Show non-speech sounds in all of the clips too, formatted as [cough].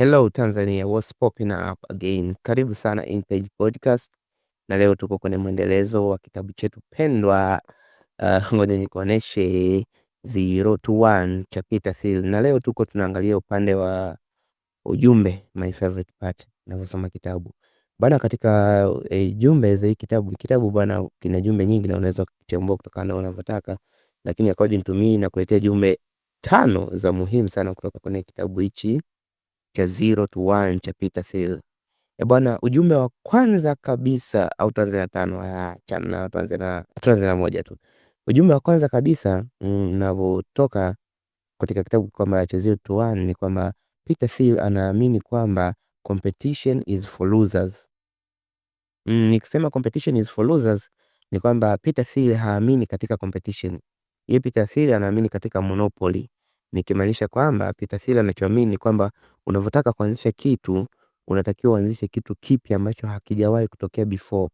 Hello Tanzania, what's popping up again? Karibu sana InPage Podcast, na leo tuko kwenye mwendelezo wa kitabu chetu pendwa. Eh, ngoja uh, nikuoneshe zero to one cha Peter na leo tuko tunaangalia upande wa ujumbe, my favorite part navyosoma kitabu bana. Katika e, jumbe za hii kitabu, kitabu bana kina jumbe nyingi na unaweza kuchambua kutokana na unavyotaka, lakini according to me nakuletea jumbe tano za muhimu sana kutoka kwenye kitabu hichi cha 0 to 1 cha Peter Thiel. E bwana, ujumbe wa kwanza kabisa au tuanze na tano ah, na tuanze na tuanze na moja tu. Ujumbe wa kwanza kabisa mm, unavotoka katika kitabu kwamba cha 0 to 1 ni kwamba Peter Thiel anaamini kwamba competition is for losers. Mm, nikisema competition is for losers ni kwamba Peter Thiel haamini katika competition. Yeye Peter Thiel anaamini katika monopoly nikimaanisha kwamba Peter Thiel anachoamini kwamba unavyotaka kuanzisha kitu unatakiwa uanzishe kitu kipya ambacho hakijawahi kutokea before.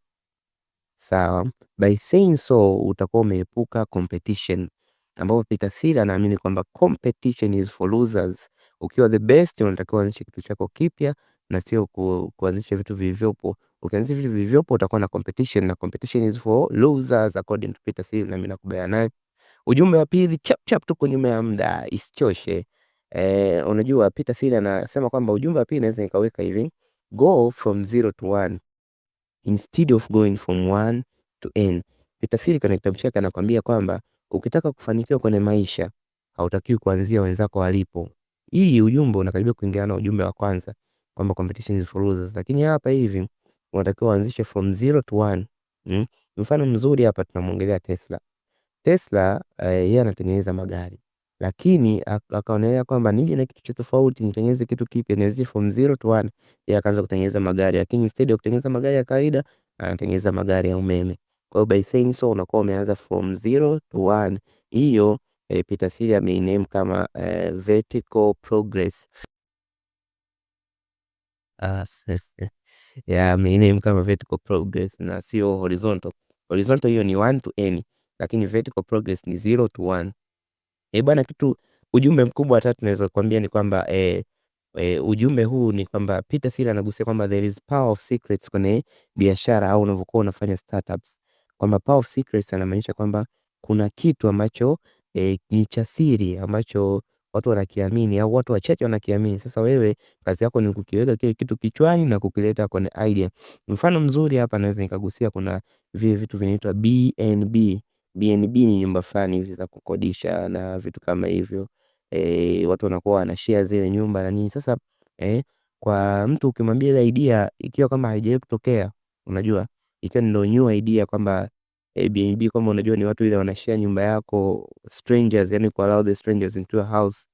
Sawa, by saying so utakuwa umeepuka competition, ambapo Peter Thiel anaamini kwamba competition is for losers. Ukiwa the best unatakiwa uanzishe kitu chako kipya na sio ku, kuanzisha vitu vilivyopo. Ukianzisha vitu vilivyopo utakuwa na competition, na competition is for losers according to Peter Thiel, na mimi nakubaliana naye. Ujumbe wa pili chap chap, tuko nyuma ya muda, isichoshe. E, eh, unajua Peter Thiel anasema kwamba ujumbe wa pili naweza nikaweka hivi, go from zero to one instead of going from one to n. Peter Thiel kwenye kitabu chake anakuambia kwamba ukitaka kufanikiwa kwenye maisha hautakiwi kuanzia wenzako walipo. Hii ujumbe unakaribia kuingiana na ujumbe wa kwanza kwamba competition is for losers, lakini hapa hivi unatakiwa uanzishe from zero to one. Mm? Mfano mzuri hapa tunamwongelea Tesla. Tesla uh, yeye anatengeneza magari lakini akaonelea kwamba nije na kitu cha tofauti, nitengeneze kitu kipya, nianze from zero to one. Yeye akaanza kutengeneza magari, lakini instead ya kutengeneza magari ya kawaida anatengeneza magari ya umeme. Kwa hiyo by saying so unakuwa umeanza from zero to one. Hiyo eh, Peter Thiel ameiname kama eh, vertical progress ah, [laughs] yeah, ameiname kama vertical progress na sio horizontal. Horizontal hiyo ni one to any lakini vertical progress ni 0 to 1. Eh, bwana, kitu ujumbe mkubwa hata tunaweza kuambia ni kwamba e, e, ujumbe huu ni kwamba Peter Thiel anagusia kwamba there is power of secrets kwenye biashara au unavyokuwa unafanya startups, kwamba power of secrets anamaanisha kwamba kuna kitu ambacho e, ni cha siri ambacho watu wanakiamini au watu wachache wanakiamini. Sasa wewe kazi yako ni kukiweka kile kitu kichwani na kukileta kwenye idea. Mfano mzuri hapa naweza nikagusia, kuna vile vitu vinaitwa BNB BNB ni nyumba fulani hivi za kukodisha na vitu kama hivyo e, watu wanakuwa wanashare zile nyumba na nini. Sasa e, kwa mtu ukimwambia ile idea ikiwa kama haijawahi kutokea, unajua ikiwa ndio new idea kwamba eh, BNB kama unajua ni watu ile wanashare nyumba yako strangers, yani kwa allow the strangers into a house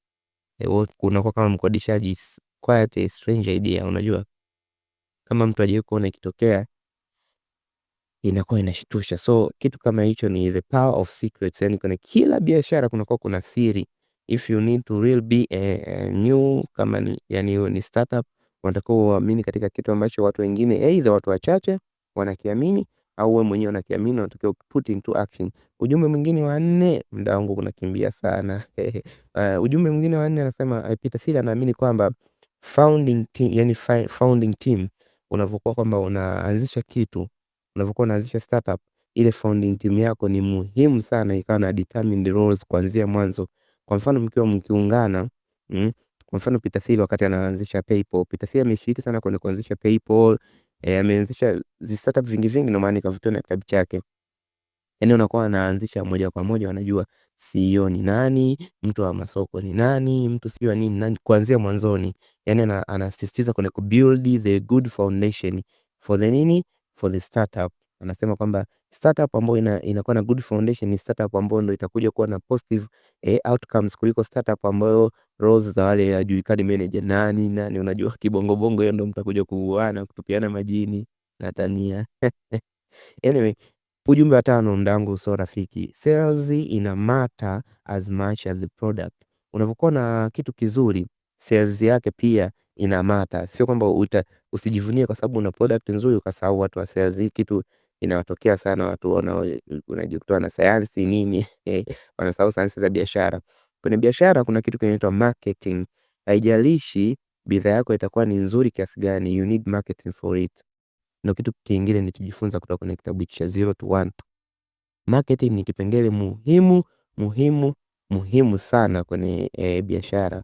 e, unakuwa kama mkodishaji, quite a strange idea. Unajua kama mtu hajawahi kuona ikitokea inakuwa inashtusha. So kitu kama hicho ni the power of secrets, yani kwenye kila biashara kunakuwa kuna siri. If you need to really be a, a new kama ni, yani ni startup, unatakiwa uamini katika kitu ambacho watu wengine either watu wachache wanakiamini au wewe mwenyewe unakiamini, unatakiwa put into action. Ujumbe mwingine wa nne, muda wangu unakimbia sana uh, [laughs] ujumbe mwingine wa nne anasema uh, Peter Thiel anaamini kwamba founding team, yani founding team unavyokuwa kwamba unaanzisha kitu unavyokuwa unaanzisha startup, ile founding team yako ni muhimu sana ikawa na determined roles kuanzia mwanzo. Kwa mfano mkiwa mkiungana, mm, kwa mfano Peter Thiel wakati anaanzisha PayPal, Peter Thiel ameshiriki sana kwenye kuanzisha PayPal, e, ameanzisha startup vingi vingi, ndio maana nikavutiwa na kitabu chake. Yani unakuwa anaanzisha moja kwa moja, wanajua CEO ni nani, mtu wa masoko ni nani, mtu sio wa nini nani, kuanzia mwanzoni. Yani anasisitiza kwenye ku build the good foundation for the nini for the startup. Anasema kwamba startup ambayo ina, inakuwa na good foundation ni startup ambayo ndio itakuja kuwa na positive eh, outcomes kuliko startup ambayo roles za wale ya juu kadi manager nani nani. Unajua kibongo bongo, hiyo ndio mtakuja kuuana kutupiana majini na tania [laughs] anyway, ujumbe wa tano, ndangu, so rafiki. Sales ina matter as much as the product. Unapokuwa na kitu kizuri sales yake pia ina mata, Sio kwamba uta, usijivunie kwa sababu una product nzuri ukasahau watu wa sales. Hii kitu inawatokea sana watu wanajikuta na sayansi nini eh, wanasahau sayansi za biashara. Kwenye biashara kuna kitu kinaitwa marketing. Haijalishi bidhaa yako itakuwa ni nzuri kiasi gani, you need marketing for it. Ndio kitu kingine nilichojifunza kutoka kwenye kitabu hiki cha Zero to One. Marketing ni kipengele muhimu muhimu muhimu sana kwenye e, biashara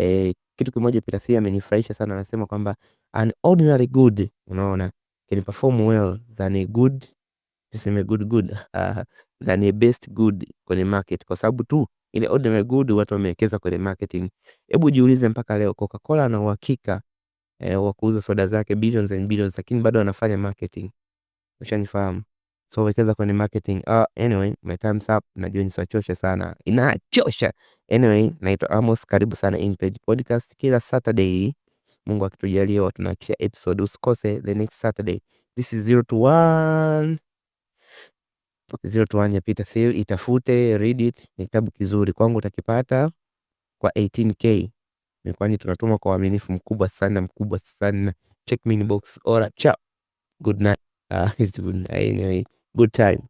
eh, kitu kimoja Pirasia amenifurahisha sana, anasema kwamba an ordinary good, unaona can perform well than a good, tuseme good good uh, than a best good kwenye market, kwa sababu tu ile ordinary good watu wamewekeza kwenye marketing. Hebu jiulize, mpaka leo Coca-Cola ana uhakika eh, wa kuuza soda zake billions and billions, lakini bado anafanya marketing. Ushanifahamu? So wekeza kwenye marketing. Uh, anyway, my time's up. Najua nisiwachoshe sana. Inachosha. Anyway, naitwa Amos, karibu sana InPage Podcast. Kila Saturday, Mungu akitujalia, tunachia episode. Usikose the next Saturday. This is 0 to 1. 0 to 1 ya Peter Thiel, itafute, read it. Ni kitabu kizuri. Kwangu utakipata kwa 18k. Mikwani tunatuma kwa uaminifu mkubwa sana, mkubwa sana. Check me in box. Ora, chao. Good night. Uh, [laughs] it's good night anyway. good time